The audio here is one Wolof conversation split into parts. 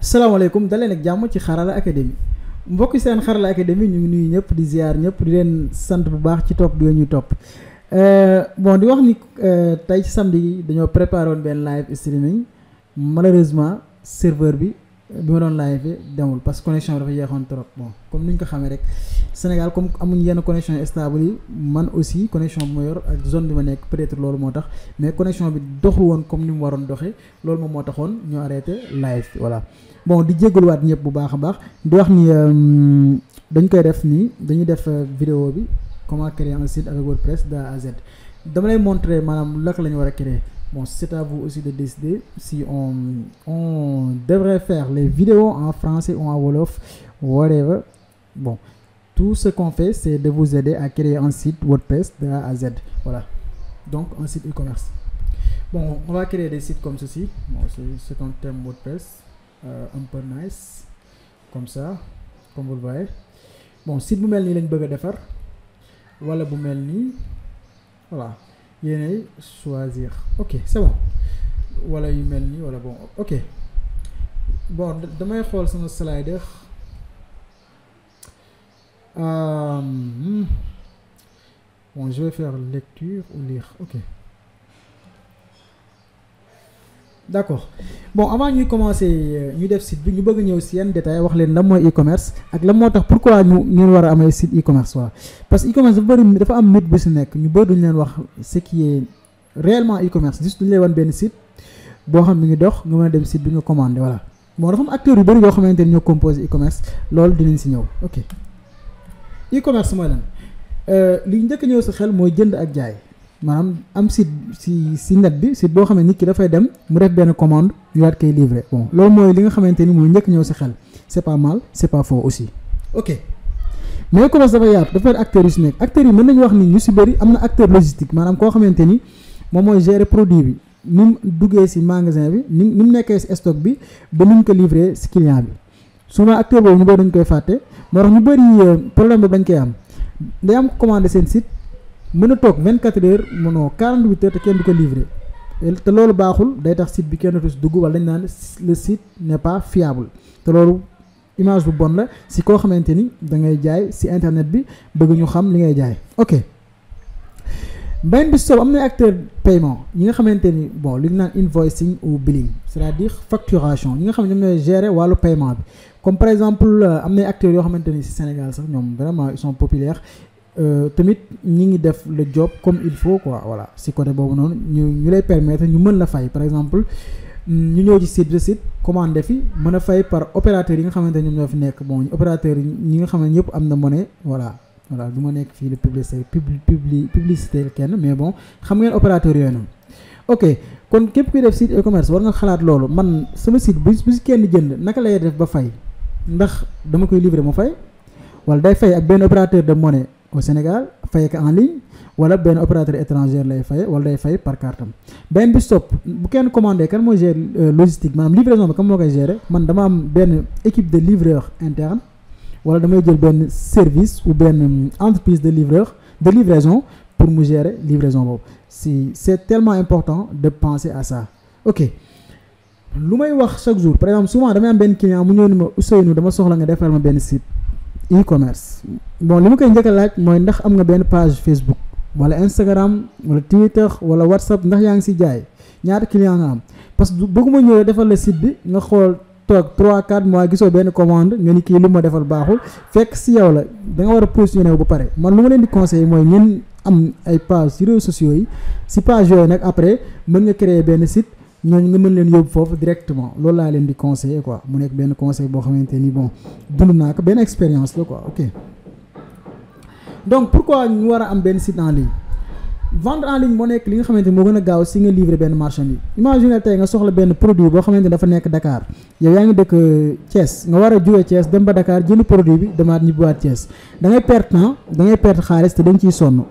salaamaaleykum daleen ak jàmm ci xarala académie mbokk seen xarala académie ñu ngi nuyu ñëpp di ziar ñëpp di leen sant bu baax ci topp bi ñuy topp euh, bon di wax ni euh, tey ci samedi dañoo préparé woon benn live streaming malheureusement serveur bi bi ma doon live demul parce que connexion bi dafa yeexoon trop bon comme ni ñu ko xamee rek Sénégal comme amuñ yenn connexion stable yi man aussi connexion bi ma yor ak zone bi ma nekk peut-être loolu moo tax mais connexion bi doxul woon comme ni mu waroon doxee loolu moom moo taxoon ñu arrêté live voilà. bon di jégaluwaat ñëpp bu baax a baax di wax ni euh, dañ koy def euh, vidéo bi comment créer un site avec WordPress d'A à Z dama lay montrer madame lak la ñu war créer bon c'est à vous aussi de décider si on on devrait faire les vidéos en français ou en wolof whatever bon tout ce qu'on fait c'est de vous aider à créer un site WordPress de A à Z voilà donc un site e-commerce bon on va créer des sites comme ceci bon c'est un thème WordPress euh, un peu nice comme ça comme vous le voyez bon si vous m'avez ni lañ bëgg défar wala bu mel voilà yéenay choisir ok c'est bon Voilà, yu melni wala bon ok bon damay slider euh, hmm. bon je vais faire lecture ou lire ok d'accord bon avant ñuy commencer euh, ñu def site bi ñu bëgg ñëw si yenn détails wax leen lan mooy e-commerce ak lan moo tax pourquoi ñu ngeen war a amee site e-commerce waaw parce que e-commerce dafa bëri dafa am mythe bu si nekk ñu bëri duñ leen wax ce qui est réellement e-commerce juste duñu lay wan benn site boo xam mi ngi dox nga mën a dem site bi nga commandé voilà bon dafa am acteurs yu bëri yoo xamante ni ñoo composé e-commerce loolu dinañ si ñëw ok e-commerce mooy lan euh, li njëkk ñëw si xel mooy jënd ak jaay. maanaam am site si si net bi site boo xam ne nit ki dafay dem mu def benn commande ñu daal koy livré bon loolu mooy li nga xamante ni mooy njëkk ñëw si xel c'est pas mal c'est pas faux aussi ok mais commerce dafa yaatu dafa yor mën nañu wax ni ñu si bëri am na acteur logistique maanaam koo xamante ni moom mooy gérer produit bi ni duggee si magasin bi ni ni mu nekkee si stock bi ba mu ko livré si bi souvent acteur boobu ñu bëri dañ koy fàtte moo tax ñu bëri euh, problème boobu dañ koy am day am commandé seen sit mën a toog 24 heures mënoo 48 heures te kenn du ko livré te loolu baaxul day tax site bi kenn dootu si dugg wala dañ naan le site n'est pas fiable te loolu image bu bon la si koo xamante ni da ngay jaay si internet bi bëgg ñu xam li ngay jaay ok. beneen bi soob am na acteur paiement ñi nga xamante ni bon li ñu naan invoicing ou billing c'est-à-dire facturation ñi nga xam ne ñoom ñooy gérer wàllu paiement bi comme par exemple euh, am na acteurs yoo xamante ni si Sénégal sax ñoom vraiment ils sont populaires euh, tamit ñi ngi def le job comme il faut quoi voilà si côté boobu noonu ñu ñu lay permettre ñu mën la fay par exemple ñu ñëw ci site de site commandé fi mën a fay par opérateur yi nga xamante ñoom ñoo fi nekk bon opérateur yi ñi nga xam ne ñëpp am na monnaie voilà voilà du ma nekk fii de publicité publi publicité kenn mais bon xam ngeen opérateur yooyu noonu ok kon képp kuy def site e-commerce war nga xalaat loolu man sama site bu bu si kenn jënd naka lay def ba fay ndax dama koy livrer mu fay wala day fay ak benn opérateur de monnaie au Sénégal fay ko en ligne wala benn opérateur étranger lay fay wala day fay par carte Ben benn vous bu kenn commandé kan mooy euh, logistique ma livraison bi je gère, koy gérer man dama am équipe de livreur interne wala damay jël benn service ou une euh, entreprise de livreur de livraison pour me gérer livraison si c'est tellement important de penser à ça ok lu may wax chaque jour par exemple souvent damay am benn client mu ñëw ni ma Ousseynou dama soxla nga defal ma e-commerce bon li ma koy njëkk a laaj mooy ndax am nga benn page Facebook wala Instagram wala Twitter wala WhatsApp ndax yaa ngi si jaay ñaata client nga am parce que bëgguma ñëw defal la site bi nga xool toog 3 4 mois gisoo benn commande nga ni kii lu ma defal baaxul fekk si yow la da nga war a positionné wu ba pare man lu ma leen di conseiller mooy ngeen am ay page si réseaux sociaux yi si page yooyu nag après mën nga créer benn site. ñooñu nga mën leen yóbbu foofu directement loolu laa leen di conseiller quoi mu nekk benn conseil boo xamante ni bon dund naa ko benn expérience la quoi ok donc pourquoi ñu war a am benn site en ligne vendre en ligne moo nekk li nga xamante ni moo gën a gaaw si nga livrer benn marchandise imagine tey nga soxla benn produit boo xamante dafa nekk Dakar yow yaa ngi dëkk euh, Thiès nga war a jóge Thiès dem ba Dakar jënd produit bi demaat ñibbiwaat Thiès da ngay perte temps da ngay perte xaalis te dañ ciy sonn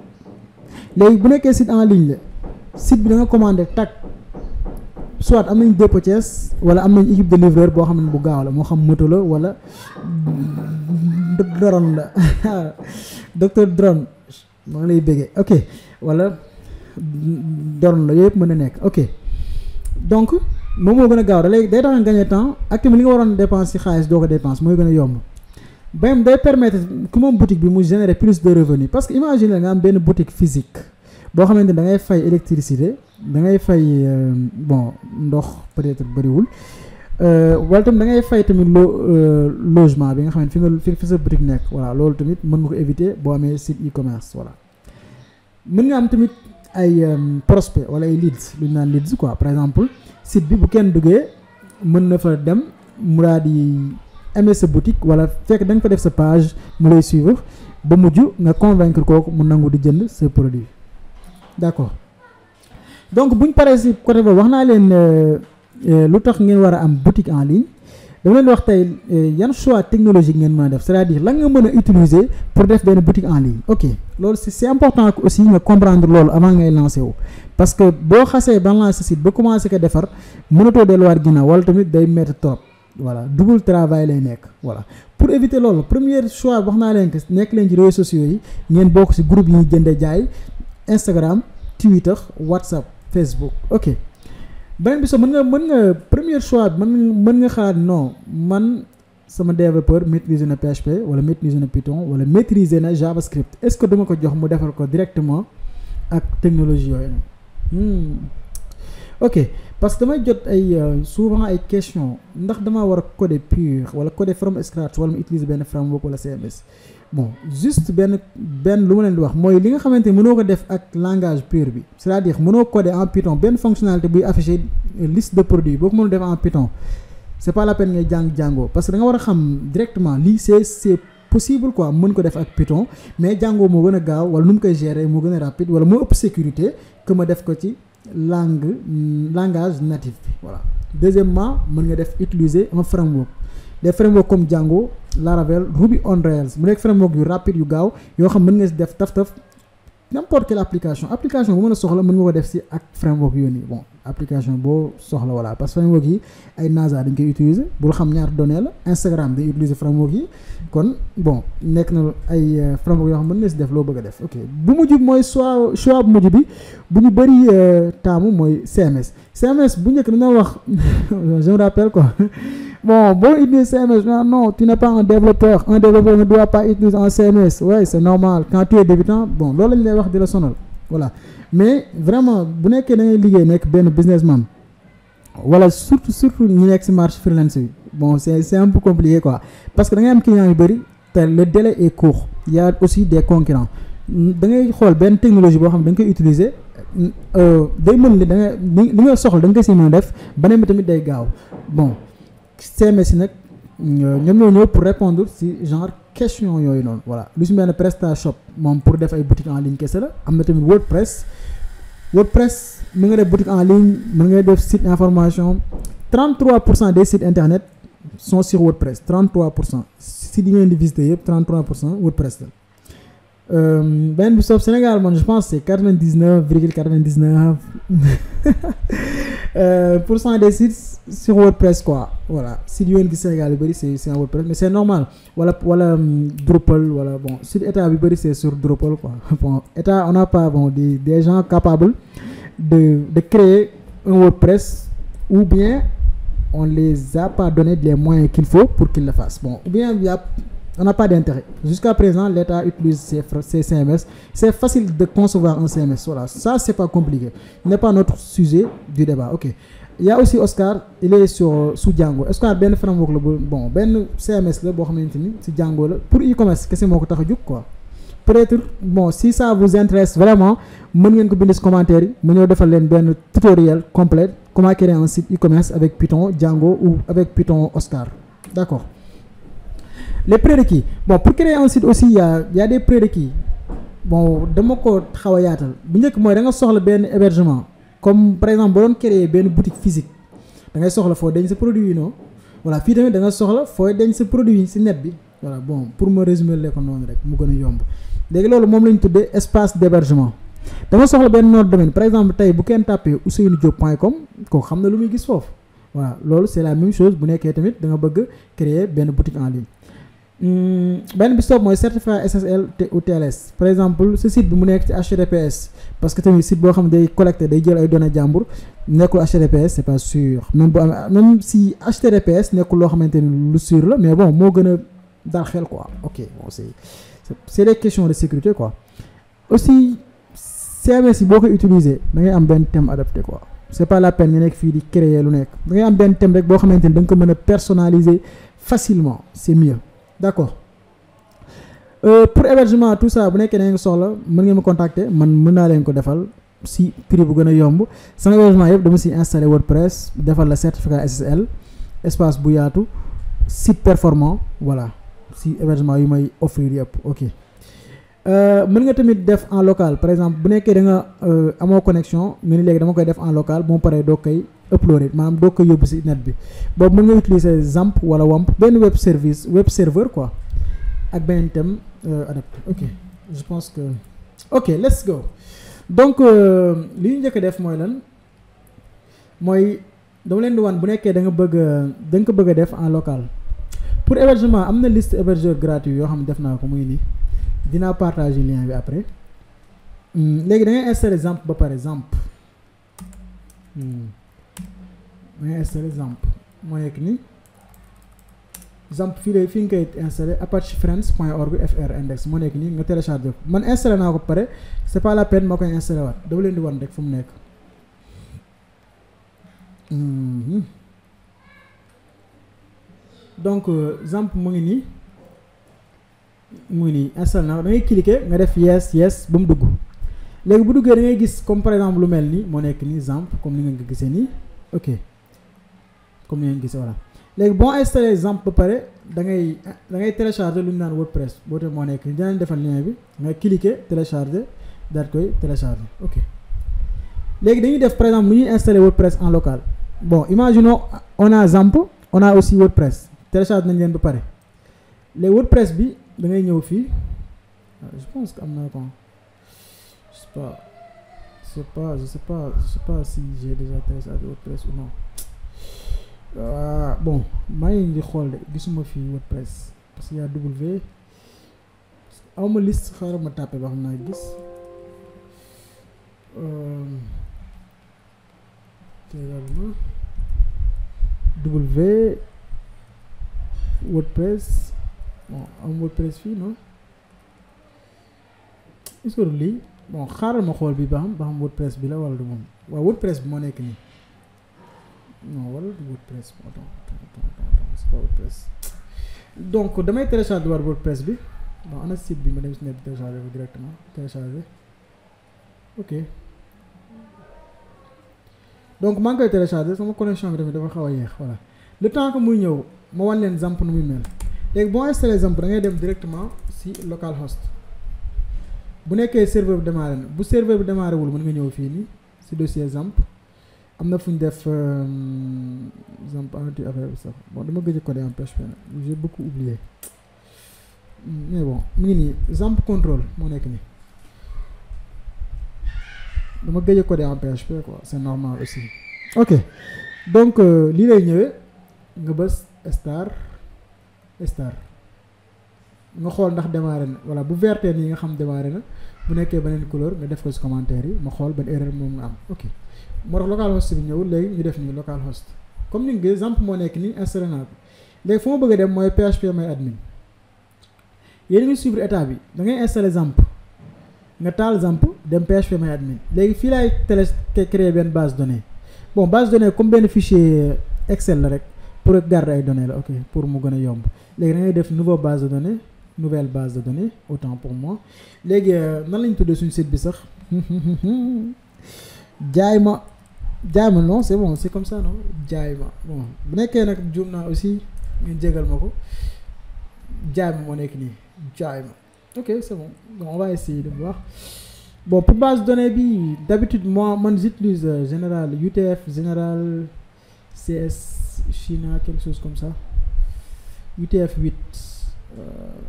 léegi bu nekkee site en ligne la site bi da nga commander tak soit am nañ dépôt wala am nañ équipe de livreur boo xam ne bu gaaw la moo xam moto la wala drone la docteur drone maa ngi lay bégué ok wala drone la yooyu yëpp mën na nekk ok donc moom moo gën a gaaw da lay day tax nga gagné temps ak tamit li nga waroon dépense si xaalis doo ko dépense mooy gën a yomb bayam day permettre ku moom boutique bi mu générer plus de revenu parce que imagine nga am benn boutique physique boo xamante da ngay fay électricité da ngay euh, bon peut-être voilà éviter site e-commerce voilà nga am tamit ay euh, prospect leads quoi par exemple site bi bu kenn duggee na fa dem boutique wala fekk page suivre ba mujj nga convaincre kooku mu nangu di produit d'accord donc buñ paré ci quand côté boobu wax naa euh, euh lutax ngeen wara am boutique en ligne dama len wax tay euh, yan choix technologique ngeen ma def c'est-à-dire la nga meuna utiliser pour def ben boutique en ligne ok loolu c'est important aussi nga comprendre loolu avant ngay lancer wu. parce que bo xasse ba lancer site ba commencer ko defar mënatoo war ginnaaw wala tamit day mettre trop voilà double travail lay nek voilà. pour éviter loolu premier choix waxna len leen que ci réseaux sociaux yi ngeen bok ci groupe yi jënde jaay. Instagram Twitter WhatsApp Facebook ok Ben, bi sax mën nga mën nga premier choix mën mën nga xalaat non man sama développeur maîtriser na PHP wala maîtriser na Python wala maîtriser na JavaScript est-ce que duma ko jox mu defal ko directement ak technologie yooyu noonu hmm. ok parce que damay jot ay euh, souvent ay question ndax dama war a coder pur wala coder from scratch wala utiliser benn framework wala CMS bon juste ben ben lu ma di wax mooy li nga xamante mënoo def langage pur c'est-à-dire coder en Python benn fonctionnalité buy afficher liste de produits boo ko mënul def en Python c'est pas la peine ngay jàng parce que nga directement c'est c'est possible quoi mën ko def ak Python mais Django moo gën a gaaw wala nu koy gérer moo gën rapide wala moo ëpp sécurité que ma def langue langage natif voilà deuxièmement nga def utiliser un framework des frameworks comme Django Laravel Ruby on Rails mu nekk framework yu rapide yu gaaw yo xam mën nga def taf-taf n'importe quelle application application bu mën a soxla mën nga ko def ci ak framework yooyu nii bon application bo soxla wala parce que framework yi ay NASA dañ koy utiliser bul xam ñaar données la Instagram dañ utiliser framework yi kon bon nek na ay euh, framework yo xam mën nga def lo bëgg def ok bu mu mujj moy choix choix bu mujj bi bu ñu bari euh, tamu moy CMS CMS bu ñëk dañoo wax je me rappelle quoi Bon, bon, dit CMS. Non, tu n'es pas un développeur. Un développeur ne doit pas utiliser un CMS. Oui, c'est normal. Quand tu es débutant, bon, là, il y a des leçons. Voilà. Mais vraiment, vous n'êtes un businessman. Voilà, surtout, surtout, nous ce marché freelance. Bon, c'est un peu compliqué, quoi. Parce que nous avons un client, le délai est court. Il y a aussi des concurrents. da ngay xool ben technologie que xam ne da nga koy utiliser euh, day mën li da nga li nga soxla da nga ko si bon CMS nag ñoom ñoo pour répondre si genre question yooyu noonu voilà lu si PrestaShop pour def ay boutique en ligne qu'est-ce am WordPress WordPress nous avons des boutique en ligne nous avons def site d'information, 33 des sites internet sont sur WordPress 33 si vous sites yi visiter 33 WordPress ben vous savez Sénégal je pense c'est 99,99% euh, des sites sur WordPress quoi voilà si du Sénégal c'est c'est WordPress mais c'est normal voilà voilà euh, Drupal voilà bon site état c'est sur Drupal quoi bon état on n'a pas bon des des gens capables de de créer un WordPress ou bien on les a pas donné les moyens qu'il faut pour qu'ils le fassent bon ou bien il y a on n'a pas d'intérêt. Jusqu'à présent, l'État utilise ses, CMS. C'est facile de concevoir un CMS. Voilà, ça, c'est pas compliqué. Ce n'est pas notre sujet du débat. Ok. Il y a aussi Oscar, il est sur, sous Django. Oscar, ben framework, bon, ben CMS, le bon, c'est Django. Pour e-commerce, qu'est-ce que c'est que quoi peut-être bon si ça vous intéresse vraiment vous ngeen ko bind commentaire vous mu faire defal tutoriel complet comment créer un site e-commerce avec Python Django ou avec Python Oscar d'accord les prérequis bon pour créer un site aussi il y a y a des prérequis bon dama ko xaw a yaatal bu njëkk mooy da nga soxla hébergement comme par exemple bon doon créer une boutique physique da ngay soxla foo denc produit non voilà fii tamit da nga soxla foo denc produit c'est net bi voilà bon pour me résumer le ko noonu rek mu gën a yomb léegi loolu moom la ñu espace d'hébergement da nga soxla benn nom de domaine par exemple tey bu kenn tàppee Ousseynou Diop point com koo xam na lu muy gis foofu voilà loolu c'est la même chose bu nekkee tamit da nga bëgg créer une boutique en ligne Hmm, benn bi stop mooy certificat SSL ou TLS par exemple ce site bi mu nekk ci HTTPS parce que tamit site boo xam day collecté day jël ay données jàmbur nekkul HTTPS c'est pas sûr même bu même si HTTPS nekkul loo xamante ni lu sûr la mais bon moo gën a dal xel quoi ok bon c'est c'est des questions de sécurité quoi aussi CMS yi boo koy utiliser da ngay am benn thème adapté quoi c'est pas la peine nga nekk fii di créer lu nekk da ngay am benn thème rek boo xamante ni da nga ko mën a personnaliser facilement c'est mieux d'accord euh, pour hébergement tout ça bu nekkee da ngeen soxla mën ngeen ma contacter man mën naa leen ko defal si prix bu gën a yomb sama hébergement yëpp dama si installé WordPress defal la certificat SSL espace bu yaatu site performant voilà si hébergement yu may offrir yëpp ok. Euh, mën nga tamit def en local par exemple bu nekké da nga euh, amoo connexion nga ni léegi dama koy def en local bon paré do kay uploader manam do kay koy ci net bi boobu mën nga utiliser zamp wala wamp ben web service web server quoi ak benn thème euh, adapt ok je pense que ok let's go donc li ñu jëk def moy lan moy dama len di wan bu nekké da nga bëgg da nga bëgg a def en local pour hébergement amna liste hébergeur gratuit yo xam def na ko muy ni vais partager lien bi après hmm, léegi da Exemple, installer exemple. Hmm. installer apachefriends.org index télécharger man installer nako vais c'est pas la peine vais installer wat exemple. len di hmm. donc exemple euh, mu ngi nii installé na da ngay nga def yes yes ba mu dugg léegi bu duggee da ngay gis comme par exemple lu mel ni moo nekk nii Xampp comme ni nga gisee nii ok comme ni nga gisee voilà léegi boo installé Xampp ba pare da ngay da ngay lu ñu naan WordPress boo te moo nekk nii dinañ defal lien bi nga cliquer télécharger daal koy télécharger ok léegi dañuy def par exemple mu ñuy installer WordPress en local bon imaginons on a Xampp on a aussi WordPress télécharge nañ leen ba pare da ngay ñëw ah, je pense que am na je sais pas je sais pas je sais pas je sais pas si j'ai déjà téléchargé WordPress ou non ah, bon maa ngi di xool de gisuma fii WordPress parce qu'il y a W aw ma liste xaaral ma tàppe ba xam naa gis euh, W WordPress bon un WordPress fii non est-ce que du bon xaaral ma xool bi ba xam ba xam WordPress bi la wala du moom wa WordPress mo nek ni non wala du WordPress pardon c'est pas WordPress donc damay télécharger WordPress bi bon ana site bi ma dem si net bi télécharger ko directement télécharger ok donc manque ngi télécharger sama connexion bi dafa xaw a voilà le temps que muy ñew ma wan len zamp nu muy mel bon, boo installé Xampp da ngay dem directement si localhost bu nekkee serveur bi démarré na bu serveur bi démarré wul mën nga ñëw fii nii si dossier Xampp am na def Xampp euh, anti ah, affaire bi sax bon dama gëj a codé en PHP j'ai beaucoup oublié mais bon mini, ngi nii Xampp contrôle moo nekk nii dama gëj a codé en PHP quoi c'est normal aussi ok donc euh, lii lay ñëwee nga bës star star nga xool ndax démarré na wala bu verté ni nga xam démarré na bu nekkee beneen couleur nga def ko si commentaire yi ma xool ban erreur moom nga am ok moo tax local host bi ñëwul léegi ñu def ni local host comme ni nga exemple moo nekk ni installé naa ko léegi fu ma bëgg a dem mooy PHP may admin yéen ngi suivre état bi da ngay installé zamp nga taal zamp dem PHP may admin léegi fii lay télé créer benn base donnée bon base donnée comme benn fichier Excel la rek pour garder ay données la ok pour mu gën a yomb Les da def nouveau base de données nouvelle base de données autant pour moi Les euh, nan lañ tuddee suñu site bizarre. sax jaay non c'est bon c'est comme ça non jaay ma bon Mais nekkee nag juum aussi ngeen jégal ma ko ma moo ok c'est bon donc on va essayer de voir bon pour base de données d'habitude moi man j'utilise euh, général UTF général CS China quelque chose comme ça UTF-8 euh,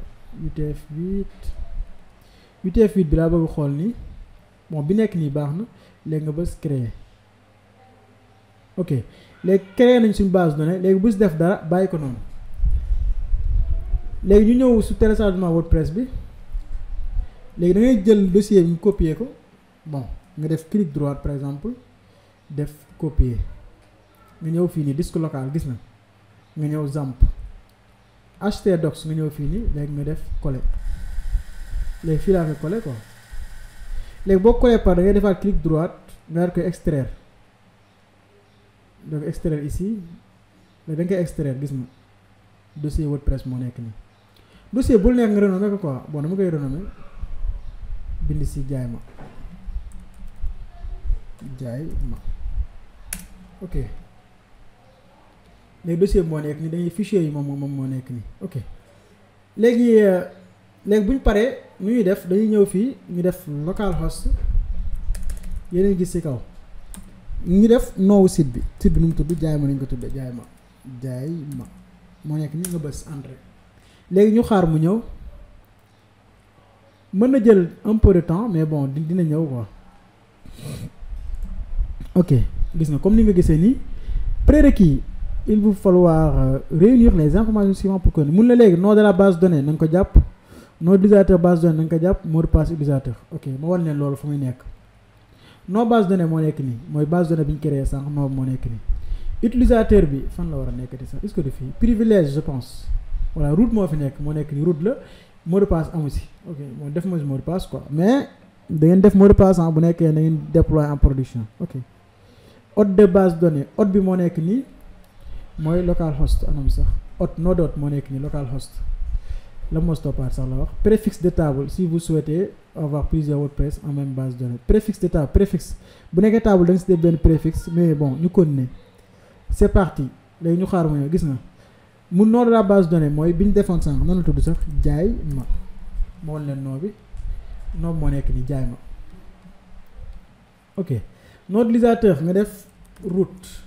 UTF-8 UTF-8 bi la bëgg xool ni bon bi nekk nii baax na léegi nga bës créer ok léegi créer nañ suñu base de données léegi bu def dara bàyyi ko noonu léegi ñu ñëw su téléchargement WordPress bi léegi da ngay jël dossier bi ñu copier ko bon nga def clic droit par exemple def copier nga ñëw fii nii disque local gis na nga ñëw zamp acheter dox nga ñëw fii nii léegi nga def coller léegi fii laa koy coller quoi léegi boo coller par da ngay defaat clic droit nga daal koy extraire donc extraire ici léegi da nga koy extraire gis nga dossier WordPress moo nekk nii dossier bul nekk nga renommé ko quoi bon dama koy renommé bind si jaay ma jaay ok léegi dossier bi moo nekk nii dañuy fichier yi moom moom moo nekk nii ok léegi euh, léegi bu ñu paree nu ñuy def dañuy ñëw fii ñu def localhost yeneen gis ci kaw ñu def noowu site bi site bi nu mu tudd jaay ma nañ ko tuddee jaay ma jaay ma moo nekk nii nga bës entré léegi ñu xaar mu ñëw mën na jël un peu de temps mais bon dina ñëw quoi ok gis nga comme ni nga gisee nii prérequis il va falloir euh, réunir les informations suivantes pour que nous na léegi nom de la base de données nga ko jàpp nom d'utilisateur base de données nga ko jàpp mot de passe utilisateur ok ma wan leen loolu fu muy nom base de données mon nii mooy base de données bien créé sànq nom moo nekk nii utilisateur bi fan la wara a nekkati sax est-ce que du privilège je pense voilà route mo fi nek mo nek ni route la mot de passe amu si ok mo def mo mot de passe quoi mais da ngeen def mot de passe hein, bu nekkee da ngeen déployer en production ok hôte de base données hôte bi mo nek ni mooy local host anam sax hot no dot moo nekk nii local host la moo stoppaat sax la wax préfixe de table si vous souhaitez avoir plusieurs WordPress en même base de données préfixe de table préfixe bu nekkee table da nga si def benn préfixe mais bon ñu continuer c'est parti léegi ñu xaar ma gis na mu nom la base de données mooy bi ñu defoon sànq nan la tudd sax jaay ma ma le leen nom bi nom moo nekk ni jaay ma ok nom utilisateur nga def route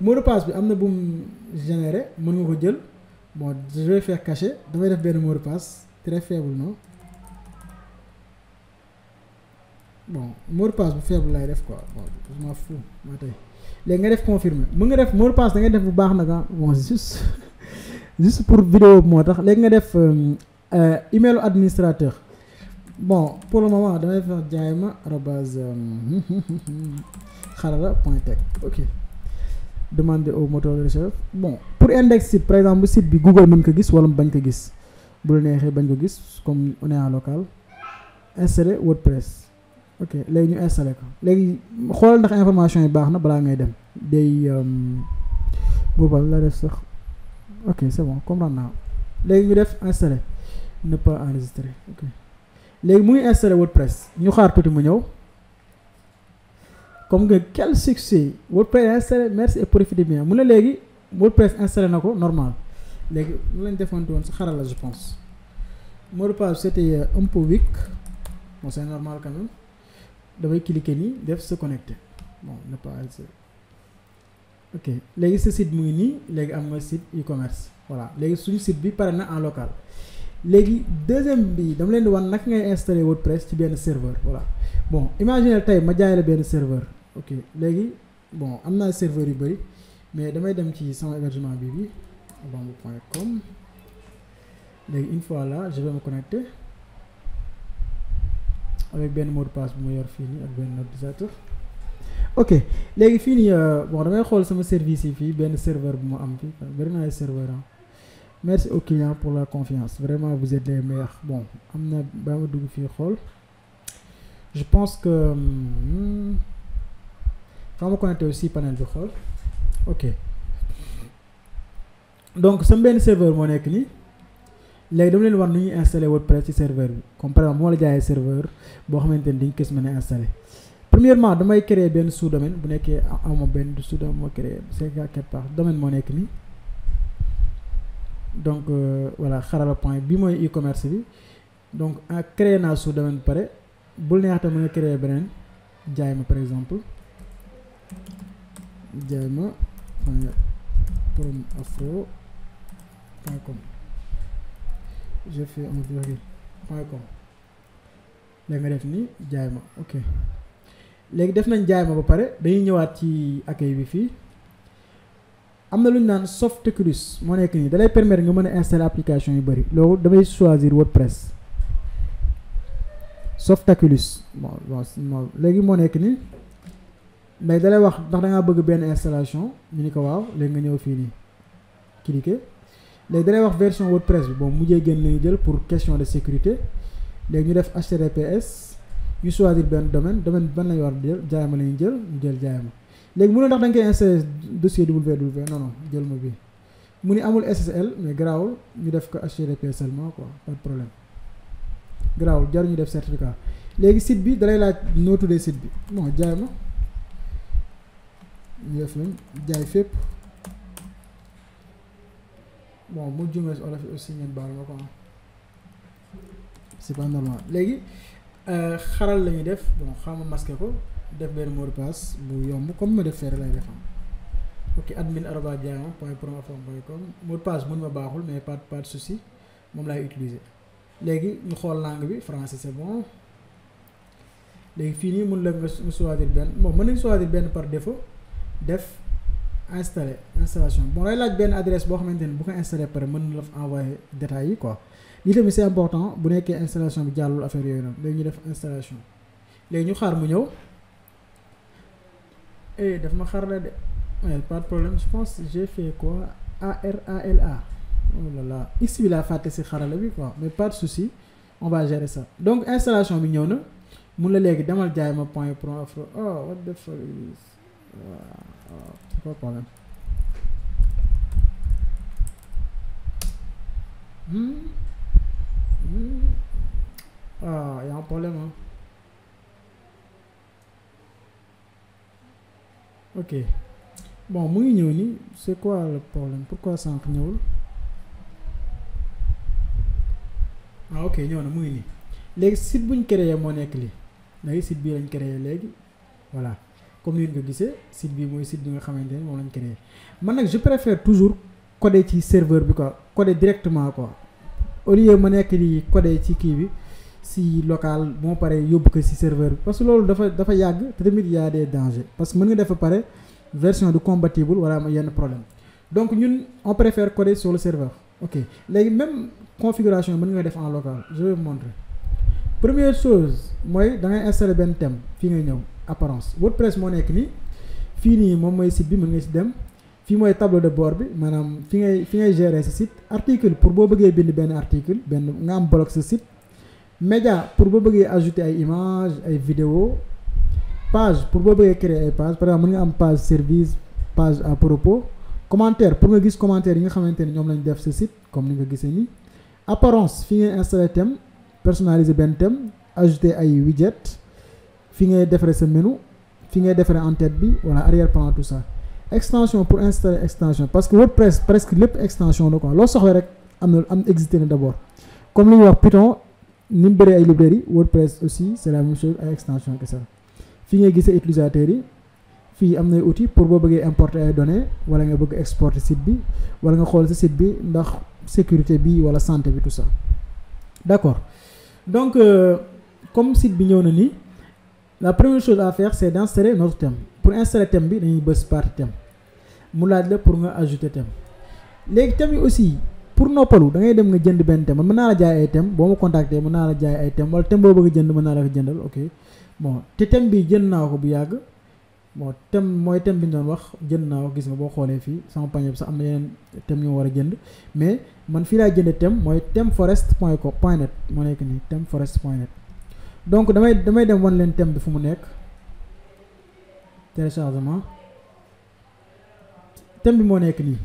mot de passe bi généré bon je vais faire cacher def mot de passe très faible non bon mot de passe bu faible lay quoi je m'en fous tey nga def confirmer mot de passe da ah. juste pour vidéo euh, euh, email administrateur bon pour le moment damay faire euh, ok. demander au moteur de bon pour index site par exemple sit bi Google mën ko gis wala bañ ko gis bu la neexee bañ ko gis comme on est en local installer WordPress ok léegi ñu installé ko léegi xoolal ndax information yi baax na balaa ngay dem day euh, boobal la def sax ok c'est léegi ñu def installer ne pas enregistrer ok léegi mu ngi installé WordPress ñu xaar tuuti mu ñëw. comme que quel succès WordPress installé merci et profitez bien mu ne léegi WordPress installé nako normal léegi mu lañ defante woon si la je pense mot de c'était euh, un peu weak bon c'est normal quand même damay cliquer ni def se connecter bon ne pas ok léegi ce site mu ngi nii am site e-commerce voilà léegi suñu site bi pare en local léegi deuxième bi dam len di wan nak ngay installer WordPress ci ben serveur voilà bon imaginer tay ma jaay la benn serveur ok léegi bon amna serveur yu bëri mais damay dem ci sama hébergement bi bi bambou point com une fois là je vais me connecter avec ben mot de passe bu ma yor fii ak ben ordinateur ok léegi fini nii euh, bon damay xol sama service yi fii benn serveur bu mo am fi. bëri naa serveur ah hein merci aux clients pour la confiance vraiment vous êtes les meilleurs bon je pense que xam hmm, nga connecté aussi panel bi xool ok donc ce benn serveur mon nekk les léegi dama leen war nu installer WordPress sur serveur comme par exemple bu la jaayee serveur boo xamante ni dañu ko mën a installer premièrement vais créer un sous-domaine bu nekkee am de sous-domaine moo créer c'est quelque part domaine mon nekk donc euh, voilà xarala point bi moy e-commerce bi donc créé naa sous domaine bi pare bul neex te nga créer benen jaay par exemple jaay ma afro com je fais un virgule point com léegi nga def ni jaay ok léegi def nañ jaay ba pare dañuy ñëwaat ci accueil bi fii am na lu ñu naan soft skills moo nekk nii da lay permettre nga mën a installer application yu bëri loolu damay choisir WordPress soft skills bon bon léegi moo nekk nii mais da lay wax ndax da ngaa bëgg benn installation ñu ni ko waaw léegi nga ñëw fii nii cliquer léegi da lay wax version WordPress bi bon mujjee génn nañu jël pour question de sécurité léegi ñu def HTTPS ñu choisir benn domaine domaine ban la war a jël jaayama la jël ñu jël jaayama. léegi mu ne ndax da nga koy installé dossier www non non jël ma bi mu ni amul SSL mais garaawul ñu def ko HTTP seulement ko pas problème garaawul jarul ñu def certificat léegi site bi dalay laaj noo tuddee site bi bon jaay ma ñu def lañ jaay mu jumee si olof aussi ngeen baal ma quoi c'est pas normal léegi euh, xaral la def bon xaama masqué ko def benn mot de passe bu yomb comme ma def feere lay def ok admin arroba diaman point promofm point com mot de passe mun ma baaxul mais pas pas de moom laay utiliser léegi ñu xool langue bi français c'est bon léegi fii nii mun la nga choisir benn moom mën nañ choisir benn par défaut def installer installation boo lay laaj benn adresse boo xamante ne bu ko installé pare mën na la fa envoyé détails yi quoi lii tamit c'est important bu nekkee installation bi jàllul affaire yooyu noonu léegi ñu def installation léegi ñu xaar mu ñëw eh daf ma xar de pas de problème je pense j'ai fait quoi A A R L A oh là là ici il a fait ses xarala bi quoi mais pas de souci on va gérer ça donc installation bi ñëw na mun la légui demal jaay ma point pro oh what the fuck is waaw c'est pas problème hmm. Hmm. ah y a un problème hein. ok bon mu ngi ni c'est quoi le problème pourquoi sànq ñëwul ah ok ñëw na mu ngi nii léegi site bu ñu créé moo nekk lii léegi site bii lañ créé léegi voilà comme ni nga ko gisee site bi mooy site bi nga xamante ne moom lañ créé man nag je préfère toujours coder ci serveur bi quoi coder directement quoi au lieu ma nekk di coder ci kii bi si local bon pare yóbbu que si serveur parce que loolu dafa dafa yag y des dangers parce que meun nga def pare version du compatible wala a yenn problème donc ñun on préfère coder sur le serveur ok léegi même configuration meun nga def en local je vais vous montrer première chose moy da ngay installer ben thème fi ngay apparence WordPress mo nek ni fi ni mom moy site bi mën nga ci dem fi moy tableau de bord bi manam fi ngay fi ngay gérer ce site article pour bo bëggee bind ben article ben nga am bloc site média pour vous ajouter ay images, ay vidéos page pour vous créer ay page par exemple une page service page à propos commentaire pour nga dire commentaire vous nga que ne ñoom ce site comme ni nga dit apparence finir d'installer installer thème personnaliser un thème ajouter ay widget fi ngay ce menu fi ngay un en tête bi wala arrière plan tout ça extension pour installer extension parce que WordPress presque l'extension, extension la quoi loo d'abord. comme li Python ni et librairie WordPress aussi c'est la même chose à l'extension que ça fi ngay gisee utilisateur yi fii am outil pour bo importer des données wala nga bëgg exporter site bi wala nga xool site bi ndax sécurité bi wala santé bi tout ça d'accord donc euh, comme site bi ñëw na la première chose à faire c'est d'insérer notre thème pour installer thème bi dañuy bëss par thème mu laaj la pour nga ajouter thème Les thème aussi. pour noppalu da ngay dem nga jënd benn thème man mën naa la jaay ay thème boo ma contacter mën naa la jaay ay thème wala thème boo bëgg a jënd mën naa la ko jëndal ok bon te thème bi jënd naa ko bu yàgg moo tem mooy thème bi ñu doon wax jënd naa gis nga boo xoolee fii bi sax am na yeneen thème ñu a jënd mais man fii laay jëndee thème mooy thème forest point com point net moo nekk nii thème forest point net damay damay dem wan leen thème bi fu mu nekk téléchargement thème bi moo nekk nii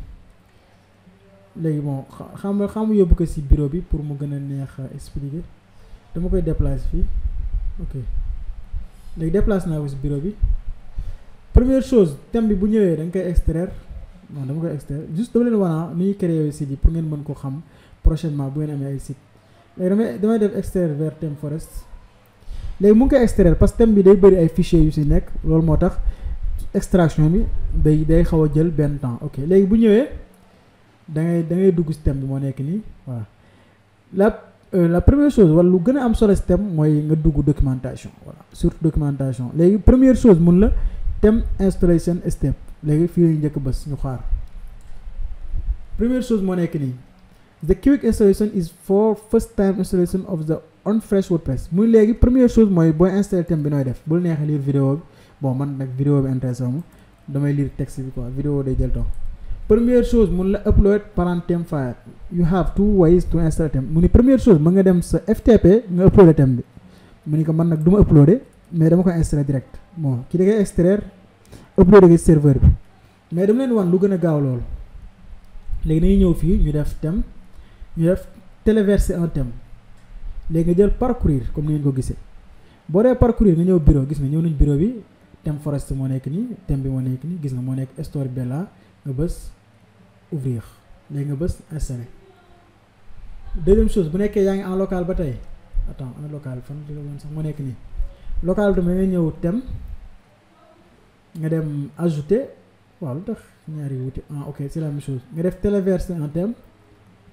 léegi bon xam nga xam yóbbu ko si bureau bi pour mu gën a neex expliquer dama koy déplacer fii ok léegi déplacer naa ko si bureau bi première chose thème bi bu ñëwee da nga koy extraire non dama koy extraire juste dama leen wanaa nu ñuy créer site yi pour ngeen mën ko xam prochainement bu ngeen amee ay site léegi damay damay def extraire vers thème forest léegi mu ngi koy extraire parce que thème bi day bëri ay fichiers yu si nekk loolu moo tax extraction bi day day xaw a jël benn temps ok léegi bu ñëwee da ngay da ngay dugg si bi moo nekk nii voilà la euh, la première chose wala lu gën a am solo si mooy nga dugg documentation voilà surtout documentation léegi première chose mun la thème installation step léegi fii njëkk bés ñu xaar première chose moo nekk nii the quick installation is for first time installation of the on fresh WordPress muy léegi première chose mooy booy installé thème bi nooy def bul neexee liir vidéo bi bon man nag vidéo bi intéressé ma damay lire texte bi quoi vidéo day jël temps première chose mun la upload parent theme file you have two mu ni première chose mën nga dem sa FTP nga uploadé theme bi mu ni ko man nag duma ma mais dama koy installé direct bon ki da ngay extraire uploadé ko serveur bi mais dama leen wan lu gën a gaaw loolu léegi dañuy ñëw fii ñu def thème ñu def téléverser un thème léegi nga jël parcourir comme ni ngeen ko gisee boo dee parcourir nga ñëw bureau gis nga ñëw nañ bureau bi thème forest moo nekk nii thème bi moo nekk nii gis nga moo nekk story bella nga bës ouvrir léegi nga bës installé deuxième chose bu nekkee yaa ngi en local ba tey attends en local fan la woon sax moo nekk nii local bi dama nga ñëw thème nga dem ajouter waaw lu tax ñaari wuute ah ok c'est la même chose nga def téléverser en thème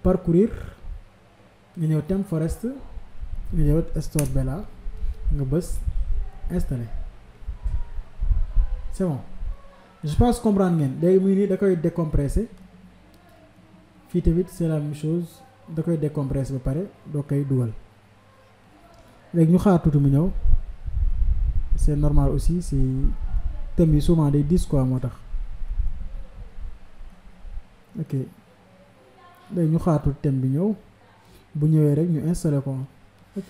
parcourir nga ñëw thème forest nga ñëw store bella nga bës installé c'est bon je pense comprendre ngeen léegi mu ngi nii da koy décompresser fii vite c'est la même chose da koy décompressé ba pare doo koy dugal léegi ñu xaar tuuti mu ñew c'est normal aussi c'est thème yi souvent des dis quoi motax ok léegi ñu xaar tuuti thème bi ñëw bu ñëwee rek ñu installé ko ok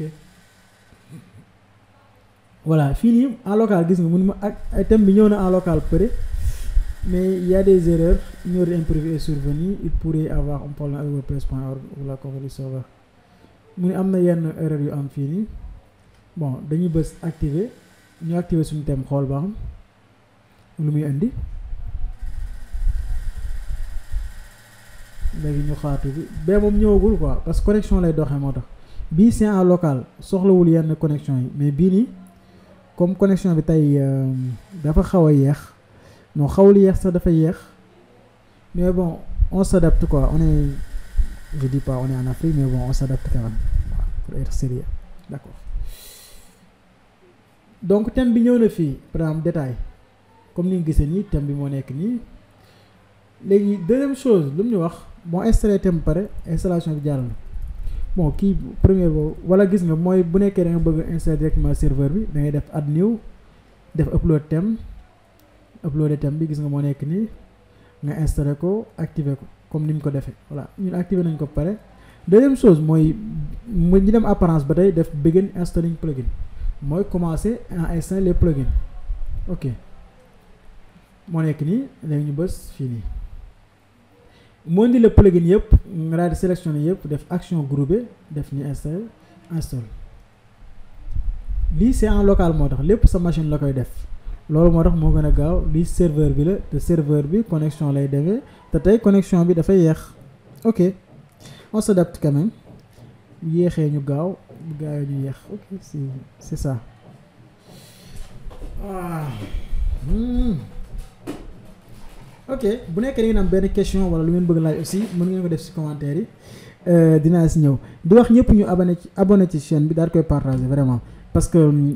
voilà fii nii en local gis nga mun ma ak thème bi ñëw na en local pare mais il y a des erreurs, une erreur est survenue, il pourrait avoir un problème avec WordPress.org ou la connexion. serveur. erreur yu bon dañuy nous activer activer thème Nous avons bi quoi parce connexion lay doxee moo tax c'est en local soxlawul yenn connexion mais bii comme connexion bi euh, dafa non xawlu yéex sax dafa yéex mais bon on s'adapte quoi on est je dis pas on est en Afrique mais bon on s'adapte quand même pour être sérieux d'accord donc thème bi ñëw na fii par exemple détail comme ni nga gisee nii thème bi moo nekk nii léegi deuxième chose lu mu ñu wax bon installer thème pare installation bi jàll na bon kii premier boobu wala gis nga mooy bu nekkee da nga bëgg a installer directement serveur bi da ngay def add new def upload thème uploadé thème bi gis nga moo nekk nga installé ko activé comme activé deuxième chose mooy vais dem apparence ba def begin installing plugin commencer à installer le plugin ok moo nekk nii léegi ñu bës le plugin yëpp nga daal sélectionné def action groupée def ni install install c'est en local mode, tax lépp sa machine la loolu moo tax moo gën a gaaw li serveur bi la te serveur bi connexion lay demee te tey connexion bi dafay yéex ok on s'adapte quand même yéexee ñu gaaw gaaw ñu yéex ok c'est c'est ça ah. hmm. ok bu nekkee da ngeen am benn question wala lu ngeen bëgg laaj aussi mën ngeen ko def ci commentaire yi euh, dinaa ci ñëw di wax ñëpp ñu abonné ci abonné ci chaîne bi daal koy partager vraiment parce que hmm,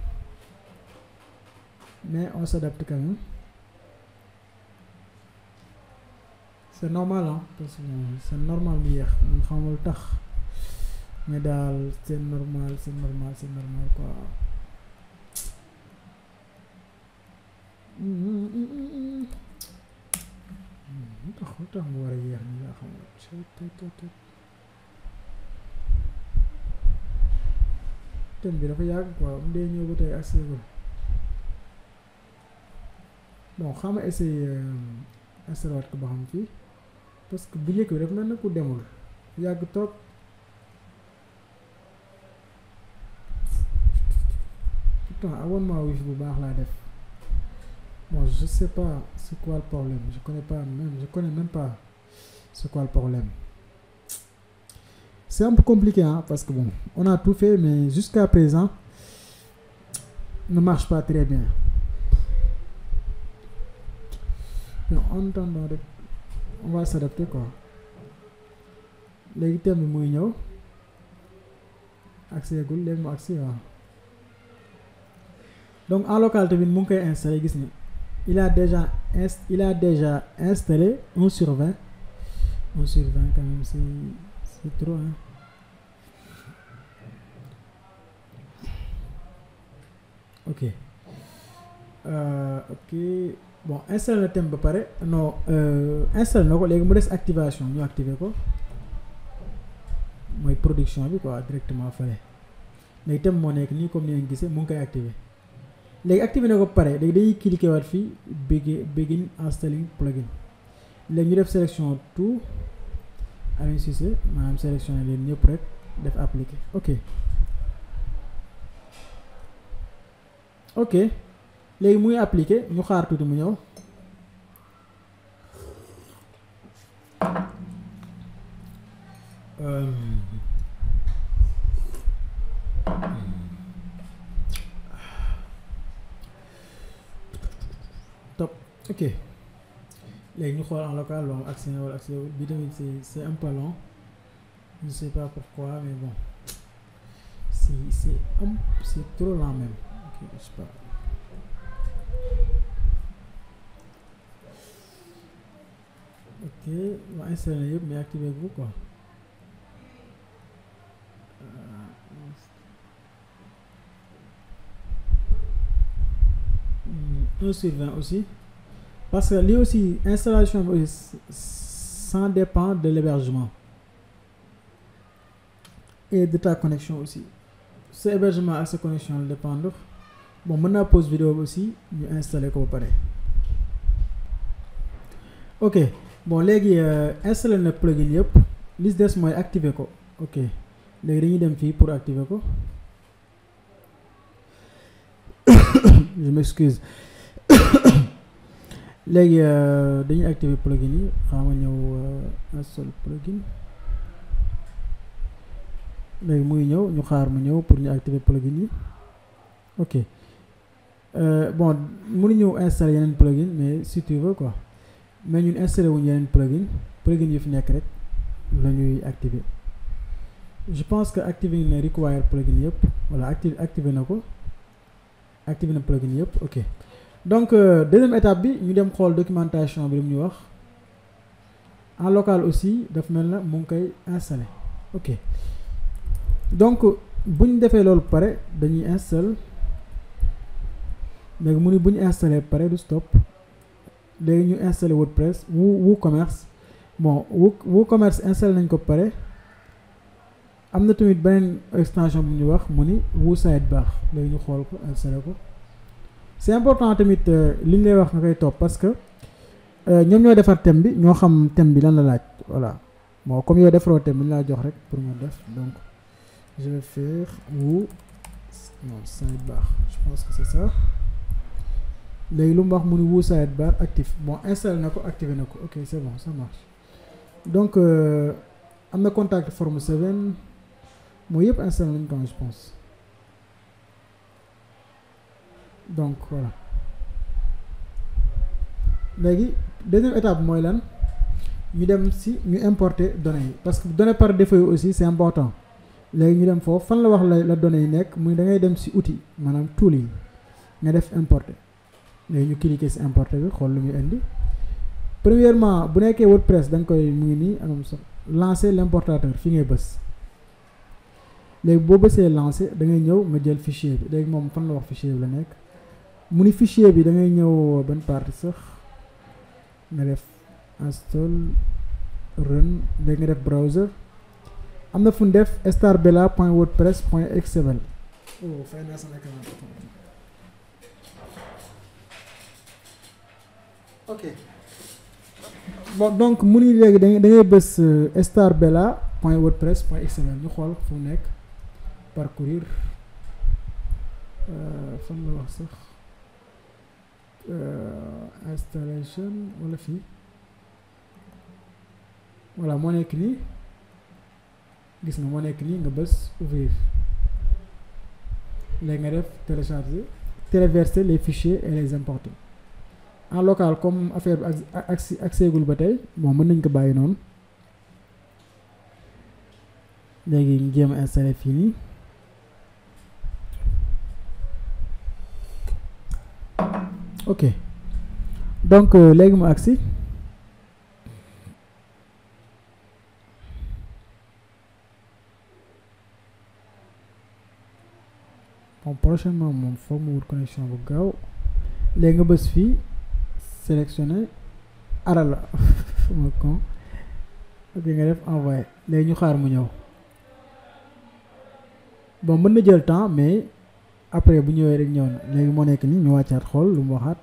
mais on s'adapte quand même. C'est normal hein, parce que c'est normal mu yéex man xamul tax mais daal c'est normal c'est normal c'est normal quoi. hmm hmm hmm, mu war a yéex ni laa xamul thème bi dafa yàgg quoi mu dee ñëw ba tey bon xaama essayé euh, essayer ko ba xam ci parce que bu njëkk bi daf Il y a demul yàgg toog pourtant abonnement je bu baax la def bon je ne sais pas ce quoi le problème je connais pas même je connais même pas ce quoi le problème c'est un peu compliqué hein, parce que bon on a tout fait mais jusqu'à présent ne marche pas très bien mais en attendant rek on va s'adapter quoi léegi thème bi muy accès yegul léegi mu accès donc en local tamit mu ngi koy installé gis ni il a déjà il a déjà installé 1 sur 20 1 sur 20 quand même c'est c'est trop hein ok euh, ok bon installé na thème ba pare non euh, installé na ko léegi mu des activation ñu activer ko mooy production bi quoi directement fële léegi thème moo nekk nii comme ni ngeen gisee mu ngi koy activer léegi activer na ko pare léegi dañuy cliquer waat fii begin begin installing plugin léegi ñu def sélection tout Aliou Cissé maanaam sélectionné leen ñëpp rek def appliquer ok ok léegi muy appliqué ñu xaar tuuti mu ñëw euh, top ok léegi ñu xool en local bon accès wala bi tamit c'est c'est un peu long je ne sais pas pourquoi mais bon c'est c'est un c'est trop lent même ok je sais pas ok on va installer, mais activez vous quoi euh, un aussi parce que lui aussi installation sans ça dépend de l'hébergement et de ta connexion aussi Cet hébergement à sa connexion dépendent. dépendre bon mën naa pause vidéo aussi ñu installé ko ba pare ok bon léegi euh, installé na plugin yëpp li des mooy activer ko ok léegi dañuy dem fii pour activer ko je m'excuse léegi euh, dañuy activer plugin yi xama ma ñëw euh, plugin léegi muy ñëw ñu xaar mu ñëw pour ñu activer plugin yi ok euh, bon mënuñu installer un plugin mais si tu veux quoi mais ñun installer wuñu yeneen plugin plugin yu fi nekk rek activé. je pense que activer na require plugin yep voilà active activer na ko activer na plugin yep ok donc euh, deuxième étape bi ñu dem xool documentation bi lu ñu en local aussi daf mel na installer ok donc si nous defee loolu pare dañuy mais mon ni bu ñu installé du stop léegi ñu installé WordPress WooCommerce bon WooCommerce installé nañ ko paré am na tamit beneen extension bu ñu wax mu ni WooSidebar léegi ñu xool ko installé ko c'est important tamit euh, li ñu lay wax nga koy topp parce que euh, ñoom ñoo defar thème bi ñoo xam thème bi lan la laaj voilà bon comme yow defaroo thème bi ñu laa jox rek pour nga def donc je vais faire Woo non Sidebar je pense que c'est ça léegi lu mu wax mu ni Woo Side Bar bon installé na ko activé na ko ok c'est bon ça marche donc euh, am na contact form 7 mooy yëpp installé nañ ko je pense donc voilà léegi deuxième étape mooy lan ñu dem si ñu importer données yi parce que données par défaut yi aussi c'est important léegi ñu dem foofu fan la wax la la données yi nekk muy da ngay dem si outil maanaam tool yi nga def importer léegi ñu cliquer ci importer bi xool lu muy indi premièrement bu nekkee WordPress da nga koy mu ngi nii anam sax lancer l'importateur fi ngay bës léegi boo bësee lancer da ngay ñëw ma jël fichier bi léegi moom fan la wax fichier bi la nekk mu ni fichier bi da ngay ñëw ban partie sax nga def install run léegi def browser am na fu ñu def starbella point point xml. oh point naa sama écran. ok bon donc mon idée, léegi da ngay bés euh, parcourir Euh, euh installation voilà mon écrit. Je gis mon moo ouvrir télécharger téléverser les fichiers et les importer en local comme affaire bi ak ak ak ba tey bon mën nañ ko bàyyi noonu léegi ñu jéem a fii nii ok donc euh, léegi mu agsi bon prochainement moom foog mu wut connexion bu gaaw léegi nga bës fii sélectionné arala ma con ok nga def envoyé léegi ñu xaar mu ñëw bon mën na jël temps mais après bu ñëwee rek ñëw na léegi moo nekk nii ñu wàccaat xool lu mu waxaat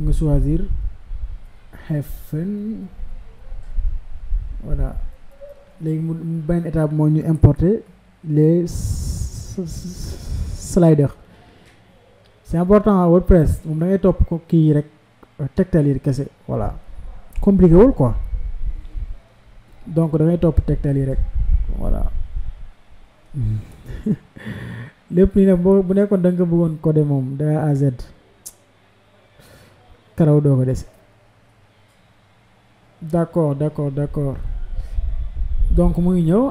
nga choisir heaven voilà léegi mu benn étape moo ñu importer les sliders c'est important WordPress moom um da ngay topp ko kii rek eh, tegtal kese voilà compliqué ou quoi donc da ngay topp tegtal wala, rek voilà lépp nii nag boo bu nekkoon da nga code da A Z karaw doo ko dako d'accord d'accord d'accord donc mu ngi ñëw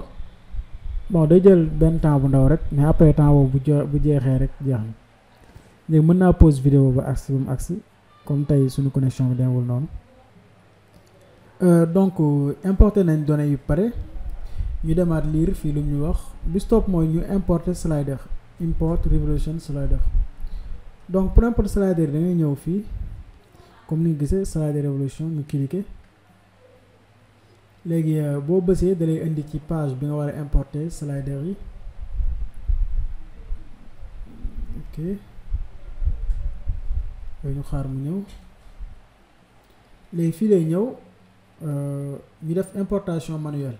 bon day jël benn temps bu ndaw rek mais après temps boobu bu rek léegi mën naa pause vidéo ba agsi ba mu agsi comme tey suñu connexion bi demewul noonu euh, donc euh, importer nañ données yu pare ñu demaat liir fii lu ñu wax bi mooy ñu importer slider import revolution slider donc pour importer slider dañuy ñëw fii comme ni nga gisee slider revolution ñu cliquer léegi euh, boo bësee dalay indi ci page bi nga war a importer slider yi ok ñu xaar mu ñëw léegi fii lay ñëw euh, ñu def importation manuelle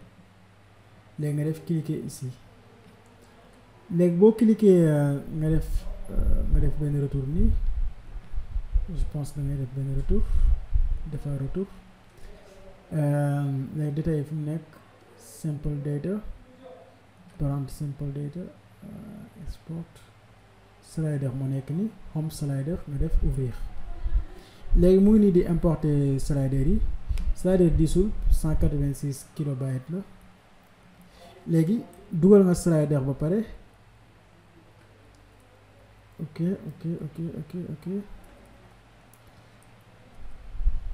léegi nga def cliquer ici léegi boo cliquer euh, nga def euh, nga def benn retour nii je pense da ngay def benn retour defa retour léegi détail fi mu nekk simple data par exemple simple data export slider mon écran, ni home slider nga def ouvrir léegi mu ni di importer slider yi slider diisul 186 kilobytes la léegi dugal nga slider ba pare ok ok ok ok ok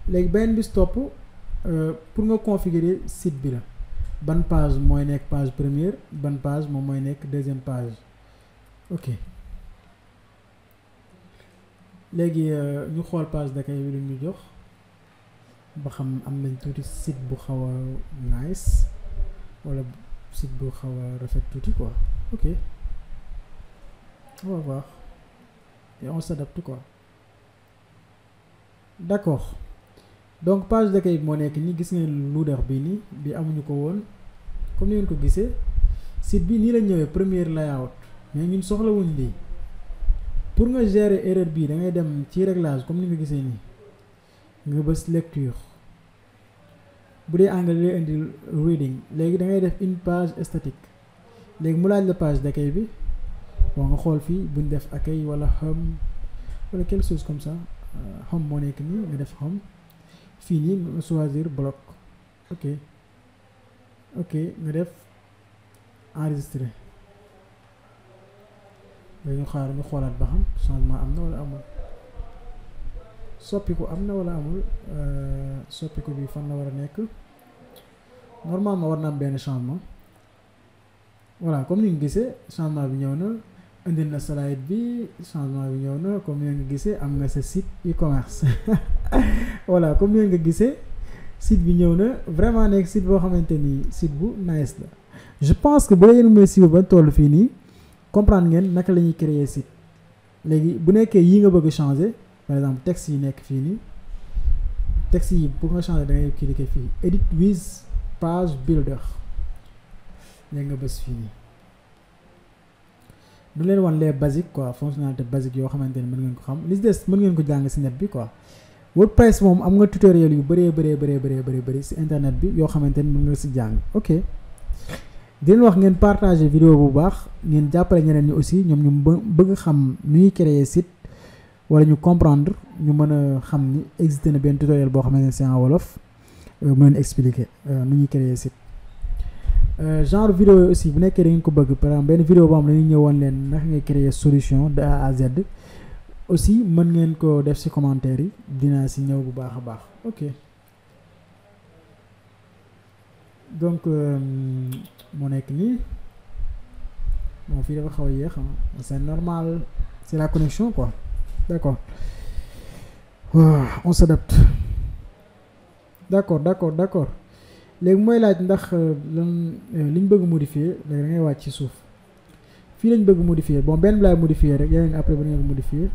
Les bi stop euh, pour nga configurer site bi la ban page moy nek page première ban page moom moy nek deuxième page ok léegi euh, ñu xool page Dakar bi lu ñu jox ba xam am nañ tuuti site bu xaw a nice wala site bu xaw a rafet tuuti quoi ok on va voir et on s'adapte quoi d'accord donc page d'accueil bi moo nekk nii gis ngeen der bi nii bi amuñu ko woon comme ni ngeen ko gisee site bi nii la ñëwee première layout mais ñun wuñ lii pour nga gérer erreur bii da ngay dem ci réglage comme ni nga gisee nii nga bës lecture bu dee anglais lay indi reading léegi dangay def une page statique léegi mu laaj la page d'accueil bi bon nga xool fii buñ def accueil wala home wala quelque chose comme ça home euh, moo nekk nii nga def home fii nii nga choisir bloc ok ok nga def enregistrer dañu xaar ñu xoolaat ba xam changement am na wala amul soppiku am na wala amul euh, soppiku bi fan la war a nekk normalement war na am benn changement voilà comme ni nga gisee changement bi ñëw na indil na slide bi changement bi ñëw na comme ni nga gisee am nga sa site e-commerce voilà comme ni nga gisee site bi ñëw na vraiment nekk site boo xamante ni site bu nice la je pense que bu yéen mooy siiw ba toll fii nii. comprendre ngeen naka la ñuy créer site léegi bu nekkee yi nga bëgg changer par exemple texte yi nekk fii nii texte yi bu nga changer da kii cliquer fii edit with page builder léegi nga bës fii nii du leen wan les basiques quoi fonctionnalité basique yoo xamante ni mën ngeen ko xam li des mën ngeen ko jàng si net bi quoi WordPress moom am nga tutoriel yu bëree bëree bëree bëree bëri si internet bi yoo xamante ni mën nga si jàng ok di wax ngeen partager vidéo bu baax ngeen jàppale ñeneen ñi aussi ñoom ñu bëgg xam nu ñuy créer site wala ñu comprendre ñu mën a xam ni existé na benn tutoriel boo xamante ne c'est en wolof euh, mu leen expliquer euh, nu ñuy créer site euh, genre vidéo yi aussi bu nekkee da ngeen ko bëgg par exemple benn vidéo boo xam dañuy ñëwoon leen naka ngay créer solution de A à Z aussi mën ngeen ko def ci commentaire yi dinaa ci ñëw bu baax a baax ok donc euh, mon nekk bon fii ah, c'est normal c'est la connexion quoi d'accord ah, on s'adapte d'accord d'accord d'accord les moyens laaj ndax euh, euh, bëgg modifier léegi ngay modifier bon ben modifier rek après modifier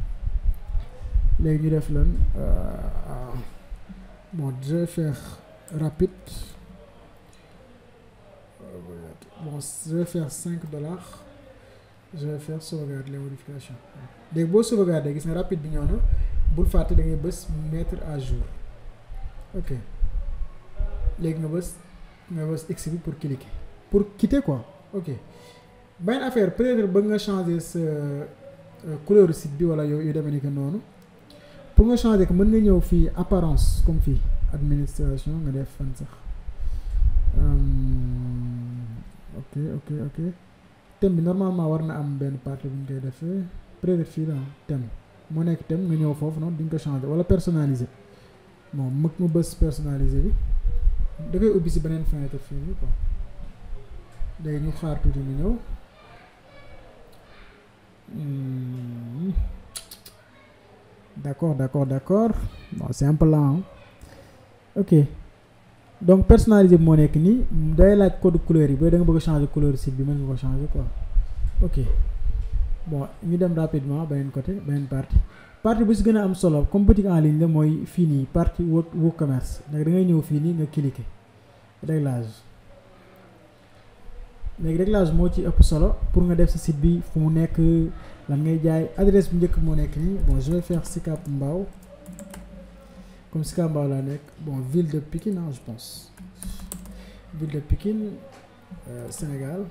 les ñu def lan euh, bon je faire rapide Bon, je vais faire 5 dollars. je vais faire sauvegarde les modifications dès boo sauvegardé sauvegardez c'est rapide bi ñëw faire bul mettre à jour ok Les nga bës pour cliquer pour quitter quoi ok bonne affaire peut-être bëgg nga changer ce euh, couleur site voilà, wala yow que non. pour changer ko apparence comme fii administration nga fan sax. Hum ok ok thème normalement war am benn partie bu ñu koy thème thème personnaliser personnaliser koy fenêtre hmm. d'accord d'accord d'accord bon c'est un peu hein. ok donc personnalisé bi moo nekk nii day laaj code couleur yi ba da nga bëgg a changer couleur site bi mën nga ko changer quoi ok moo ñu dem rapidement beneen côté beneen partie partie bu si gën a am solo comme boutique en ligne la mooy fii nii partie WooCommerce nag da dangay ñëw fii nii nga cliquer réglage léegi réglage moo ci ëpp solo pour nga def si site bi fu mu nekk lan ngay jaay adresse bu njëkk moo nekk nii bon je vais faire Sicap Mbao comme Skambalanec, bon, ville de Pékin, hein, je pense. Ville de Pékin, euh, Sénégal,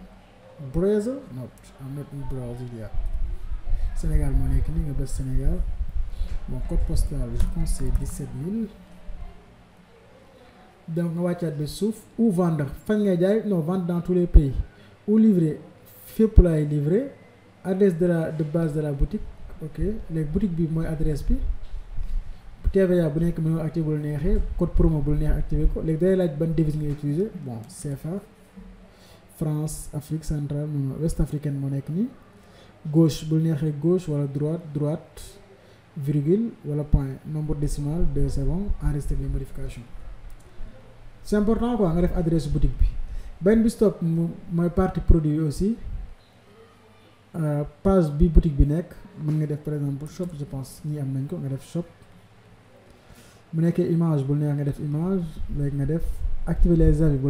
Brazil non, I'm not in Sénégal, mon équipe, Sénégal. Mon code postal, je pense, c'est 17 000. donc va va des souffles. ou vendre Fang ngay non vendre dans tous les pays ou livrer pour la livrer adresse de la de base de la boutique ok Les boutiques, bi adresse bi TVA bu nekk mënoo activé bu la neexee code promo bu la neex activé ko léegi day laaj ban devise ngay utiliser bon CFA France Afrique centrale West ouest africaine moo nekk nii gauche bu la neexee gauche wala droite droite virgule wala point nombre décimal deux c'est bon les modifications c'est important quoi nga def adresse boutique bi benn bi stop mooy partie produit aussi euh, page bi boutique bi nekk mën nga def par exemple shop je pense ñii am nañ ko nga def shop bu nekkee image bu image activer les avis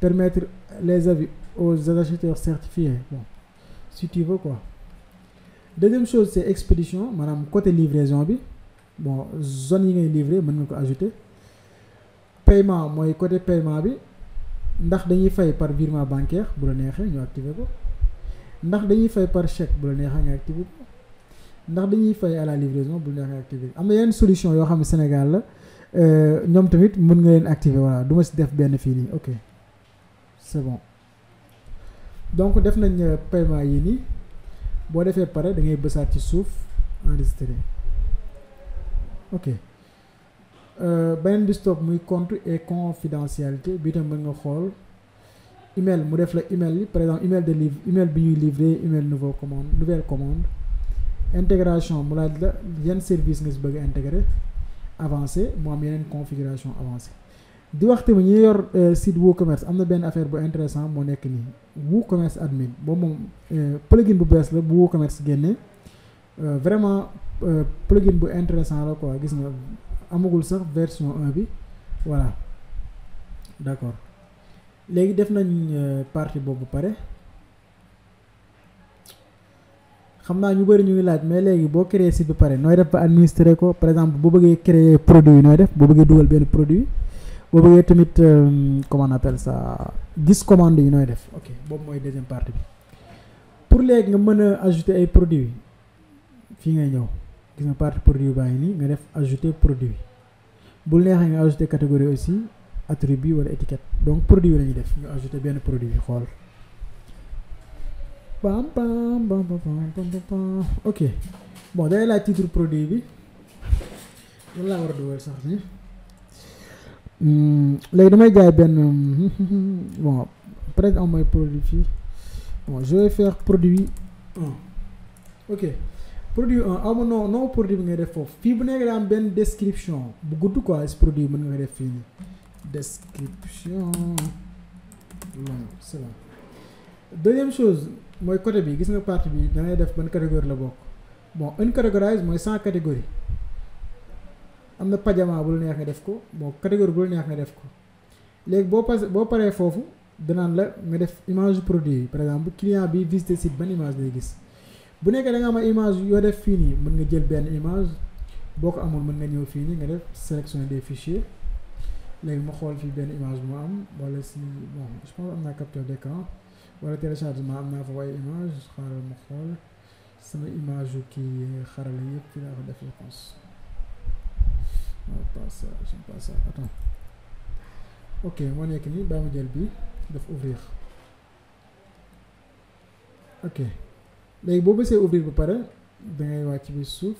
permettre les avis aux acheteurs certifiés si tu veux quoi deuxième chose c'est expédition madame côté livraison bi bon zone ajouter paiement côté paiement bi ndax par virement bancaire activer par chèque activer ndax dañuy fay à la livraison bu ñu la activé am na yenn solution yoo xam ne Sénégal la euh, ñoom tamit mën nga leen activer voilà du ma si def benn fii nii ok c'est bon donc def nañ euh, paiement yii nii boo defee pare da ngay bësaat ci suuf enregistré ok euh, beneen bi stop muy compte et confidentialité bi tam mën nga xool email mu def la email yi par exemple email de livre email bi ñuy livrer email nouveau commande nouvelle commande intégration mu laaj la yan service nga si bëgg intégré avancé mu am configuration avancée. di wax avez un yor euh, site WooCommerce am na benn affaire bu intéressant moo nekk nii WooCommerce admin le moom euh, plugin bu bees la bu WooCommerce génnee euh, vraiment plugin bu intéressant la quoi gis nga amagul sax version 1 bi voilà d'accord léegi def nañ partie boobu pare xam naa ñu bëri ñu ngi laaj mais léegi boo créer site bi pare nooy def ba administrer ko par exemple bu bëggee créer produit nooy def bu bëggee dugal benn produit boo bëggee tamit euh, comment on appelle ça gis commande yi nooy def ok boobu mooy deuxième partie bi pour léegi nga mën a ajouter ay produits fii ngay ñëw gis nga partie produit baa ngi nii nga def ajouter produit bul neexee nga ajouter catégorie aussi attribut wala étiquette donc produit la ñuy def ñu ajouter benn produit xool pam pam pam pam pam ok bon day laaj titre produit bi lan laa war a dugal Là, il hmm, léegi damay jaay benn bon presque on mooy produit fii bon je vais faire produit 1. ok produit un aw ah, ma non non produit bi ngay def foofu fii bu nekk daa description bu gudd quoi ce produit mën nga def description long c'est bon deuxième chose mooy côté bi gis nga parti bi da ngay def ban catégorie la bokk bon un catégorise mooy cent catégorie am na pajama bu la neex nga def ko bon catégorie bu neex nga def ko léegi boo passé boo paree foofu danaan la nga def image produit yi par exemple client bi visité site ban image lay gis bu nekkee da nga am image yoo def fii nii mën nga jël benn image boo ko amul mën nga ñëw fii nii nga def sélection des fichiers léegi ma xool fii benn image bu ma am wala si bon je pense am wala téléchargement am naa fa waaye image xaaral ma xool sama image yu kii xarala yëpp fi laa ko def je pense pas ça je pas ça attends ok moo nekk nii baa ma jël bi dafa ouvrir ok léegi boo bësee ouvrir ba pare dangay wàcc bi suuf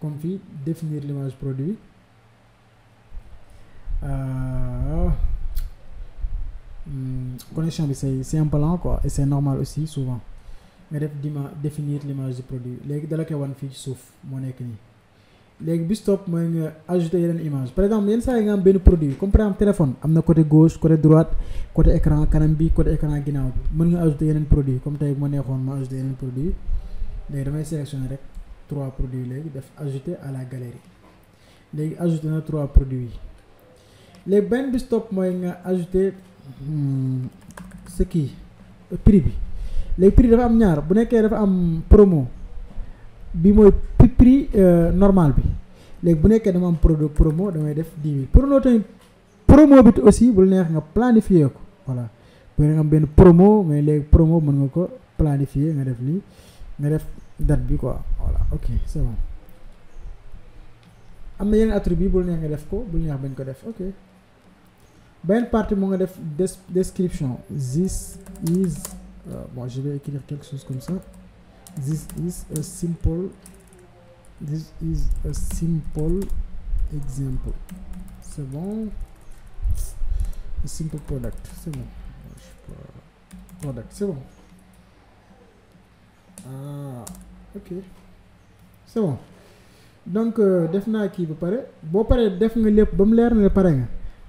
comme fii définir l'image produit euh, connexion bi c'est c'est un quoi et c'est normal aussi souvent mais def dima définir l'image du produit légui dala koy wan fii ci souf mo nek ni légui bi stop nga ajouter image par exemple yenn saa nga am ben produit comme par exemple téléphone à côté gauche côté droite côté écran kanam bi côté écran ginaaw bi mën nga ajouter yenen produit comme tay mo ma neexoon ma ajouter yenen produit léegi damay sélectionner trois produits légui def ajouter à la galerie les ajouter na trois produits les ben benn bi stop nga ajouter Hmm, ce kii euh, prix bi léegi prix dafa am ñaar bu nekkee dafa am promo bi mooy prix euh, normal bi léegi bu nekkee dama am produit promo damay def dix mille promo tamit promo bi aussi bul neex nga planifier ko voilà bu nga benn promo mais léegi promo mën nga ko planifier nga def lii nga def date bi quoi voilà ok c'est bon am na yenn attribut bul neex nga def ko bul neex bañ ko def ok Ben, partie de nga description this is euh, bon je vais écrire quelque chose comme ça this is a simple this is a simple example. c'est bon a simple product c'est bon product c'est bon ah ok c'est bon donc euh, def naa vous ba pare bon, vous def nga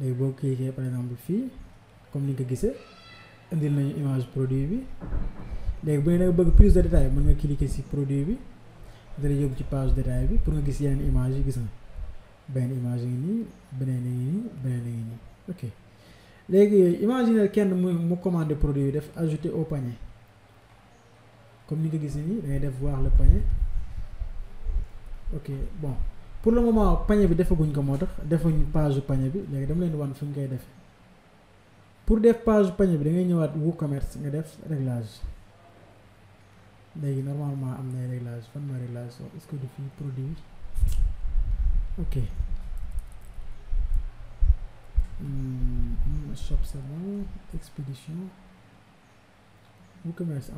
léegi boo cliquer par exemple fii comme ni nga ko gisee indil nañu image produit bi léegi bu ne da nga bëgg plus de détail mën nga cliquer si produit bi dala yóbbu ci page détail bi pour nga gis yeneen image yi gis nga benn image yi nii beneen yi nii beneen yi nii ok léegi imaginer kenn mu mu commandé produit bi def ajouter au panier comme ni nga gis nii da ngay def voir le panier ok bon pour le moment panier bi defaguñ ko moo tax defuñ page pañe bi léegi dama leen wan fi ñu koy defee pour def page pañe bi da ngay ñëwaat commerce nga def réglage léegi normalement am na réglage fan mooy réglage so est-ce que du fi produit ok hmm, shop c'est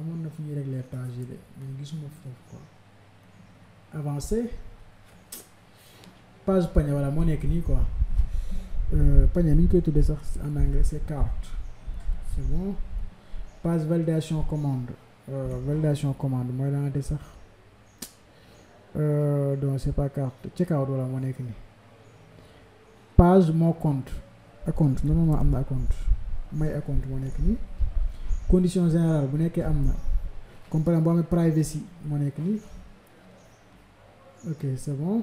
amoon na fu ñuy régler page yi de mais gisuma foofu quoi avancé page pañe voilà mon nekk nii quoi pañe ni koy en anglais c'est carte c'est bon page validation commande euh, validation commande moi là de ça euh, donc c'est pas carte out voilà wala mon ni page mon compte à compte non non compte may mon compte mon nii condition générale vous n'êtes amna comprendre comme par exemple privacy mon ni ok c'est bon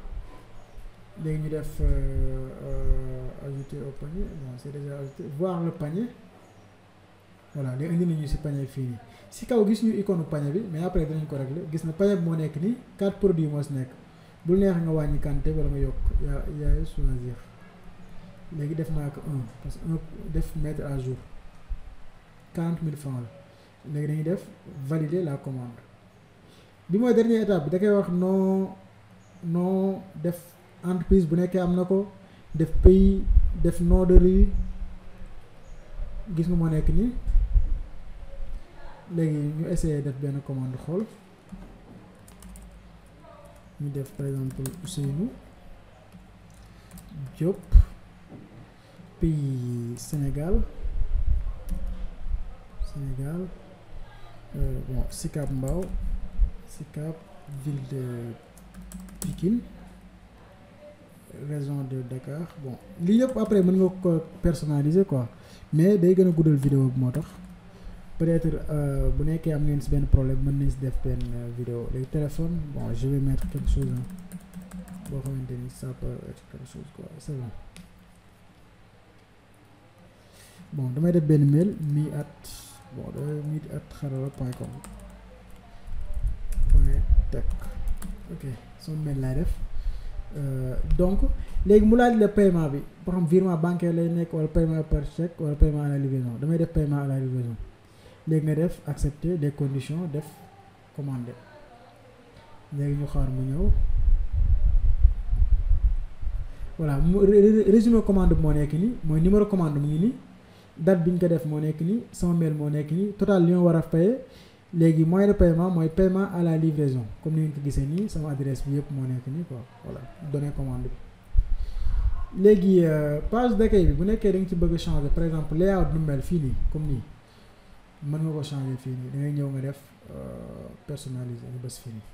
léegi def euh, euh ajouter au panier bon c'est déjà ajouté voir le panier voilà léegi indi nañu si panier fini si kaw gis ñu icône panier bi mais après dañ ko régler gis na panier mo nek ni nii quatre produits mo nek bu neex nga wàññi quantité wala nga yok ya ya choisir léegi def naa ko un parce que un def mettre à jour quarante mille francs la dañ def valider la commande bi mooy dernière étape da kay wax non non def. entreprise bu nekkee am na ko def pays def noderie gis nga moo nekk nii léegi ñu essayer def benn commande xool ñu def par exemple Ousseynou Diop pays Sénégal Sénégal euh, bon Sikap Mbao Sikap ville de Pikine raison de Dakar bon lii après mën nga ko personnaliser quoi mais dès que gën a guddal vidéo bi peut-être euh, bu nekkee am ngeen si problème mën nañ si def euh, vidéo léegi téléphone bon je vais mettre quelque chose Pour hein, xamante ni ça peut être quelque chose quoi c'est bon bon damay def ben mail mi at bon le mi at xarala tech ok son mail laay euh, donc les mu de paiement virement bancaire paiement par chèque wala paiement à la livraison def paiement à la livraison nga accepter des conditions def commander de voilà résumé commande mo nek ni moy numéro commande mu ngi date bi def mail total li ma wara les moyen de paiement mooy paiement à la livraison comme ni ngeen ko gisee nii adresse bi yëpp moo nekk quoi voilà donner commande bi léegi euh, page d'accueil bi bu nekkee da nga ci bëgg changer par exemple les nu mel fii nii comme nii mën nga ko changer fii nii da ngay ñëw nga def euh, personnaliser nga bës fii nii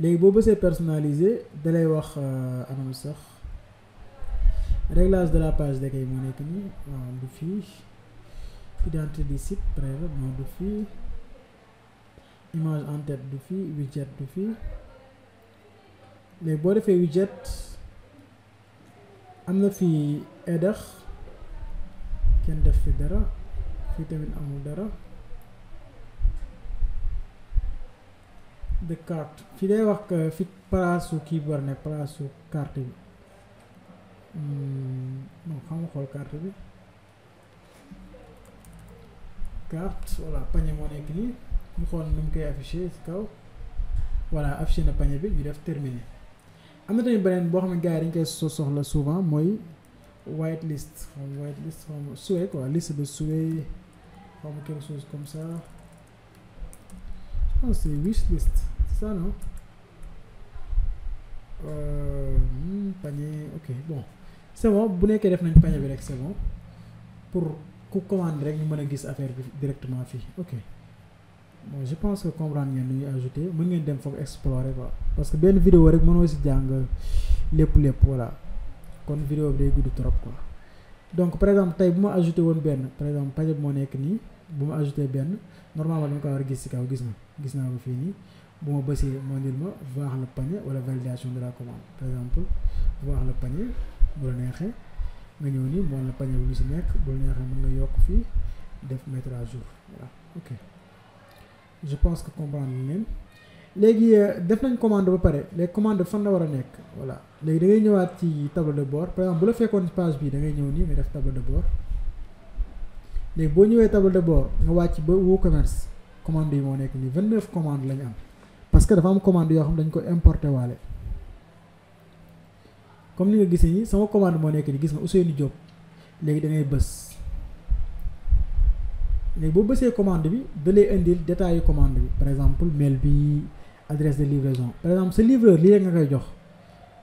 léegi boo personnaliser da lay wax euh, anam sax réglage de la page d'accueil moo nekk nii du Fidelity Disip Driver modifi image en tête du fi widget du fi léegi boo defee widget am na fii header kenn def fi dara fi tamit amul dara de carte eh, fi day wax que fi place ou kii bi ne place ou carte bi hmm, non xam xol carte bi voilà panier moo affiché voilà affiché la panier il terminé Je vais vous donner gars souvent moi, whitelist, list souhait quoi liste de souhait comme quelque chose comme ça je pense c'est wish list c'est ça non euh, hmm, panier ok bon c'est bon vous une panier c'est bon pour ku commande directement ok je pense que comprendre ngeen ajouté ngeen dem explorer parce que benn vidéo rek mënoo si voilà vidéo bi trop quoi. donc par exemple tey bu ma ajouté une par exemple ajouté normalement ko si kaw gis gis voir le panier la validation de la commande par exemple voir le panier bu nga ñëw ni bon la panier bi lu si nekk bu la neexee mën nga yokk fii def mettre à jour voilà ok je pense que comprendre ngeen léegi euh, def nañ commande ba pare les commandes fan la war a nekk voilà léegi da ngay ñëwaat ci tableau de bord par exemple bu la fekkoon page bi da ngay ñëw ni nga def tableau de bord léegi boo ñëwee tableau de bord nga wàcc ba commerce commande yi moo nekk nii 29 commandes lañ am parce que dafa am commande yoo xam dañ ko importé waale comme ni nga gisee nii sama commande moo nekk nii gis nga Ousseynou Diop léegi da ngay bës léegi boo bësee commande bi da indil détails yu commande bi par exemple mail bi adresse de livraison par exemple sa livreur lii nga koy jox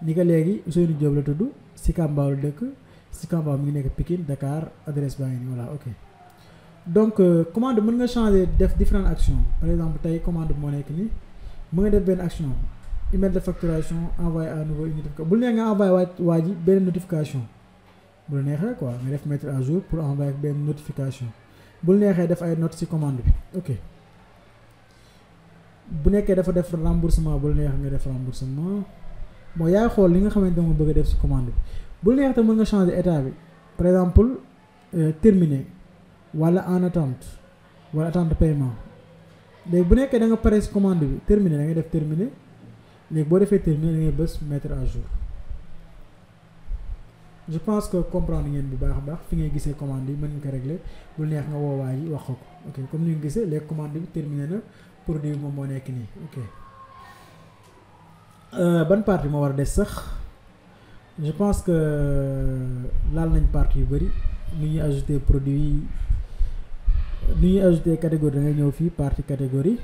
ni ko léegi Ousseynou Diop la tudd Sicap dëkk Sicap Mbao mi ngi nekk Pikine Dakar adresse baa ngi nii voilà ok donc euh, commande mën nga changer def différentes actions par exemple tey commande bi moo nekk nii mën nga def benn action email de facturation envoyé à nouveau une notification bu nga envoyé waat waji ji benn notification bu la quoi nga def mettre à jour pour envoyer benn notification bu neexee def ay note ci commande bi ok bu nekkee dafa def remboursement bu neex nga def remboursement moo yaay xool li nga xamante ne bëgg def ci commande bi bu neex te mën nga changer état bi par exemple euh, terminé wala en attente wala attente paiement léegi bu nekkee da nga pare ci commande bi terminé da nga def terminé Les bon terminés terminé, mettre à jour je pense que comprendre bien bu baax baax fi commande régler ok comme vous l'avez les commandes commande terminé na produit euh, partie je pense que euh, là nañ partie yu nous y ajouter produit ajouter catégorie partie catégorie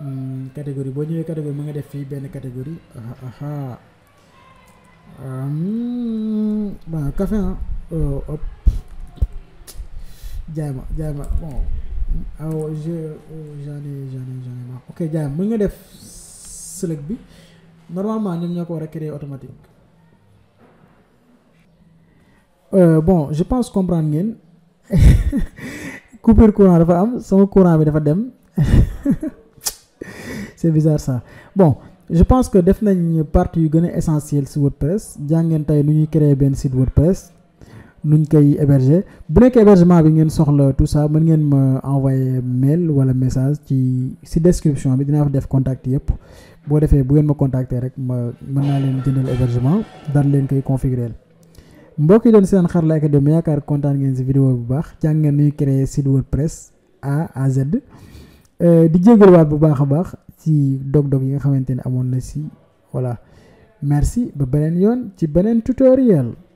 Hmm, catégorie boo ñëwee catégorie mu nga def fii benn catégorie aha ah, ah. bon café ah euh, hop jaay ma jaay ma ok jaay ma mu nga def select bi normalement ñoom ñoo ko war automatique euh, bon je pense comprendre ngeen coupure courant dafa am sama courant bi dafa dem c'est bizarre ça bon je pense que def nañ partie yu essentielle sur WordPress jàngeen tey nu ñuy créer ben site WordPress nuñ koy héberger bu nekk hébergement bi ngeen soxla tout ça mën ngeen ma envoyer mail wala message ci si description bi dinaa fa def contact yëpp boo defee bu ngeen ma contacter rek ma mën naa leen jëndal hébergement daan leen koy configurer mbokk de doon seen Xarala Academy yaakaar kontaan ngeen vidéo bu baax jàng ngeen créer site WordPress A à Z euh, di jégaluwaat bu baax baax ci dog-dog yi nga xamante ni amoon na si voilà merci ba beneen yoon ci beneen tutoriel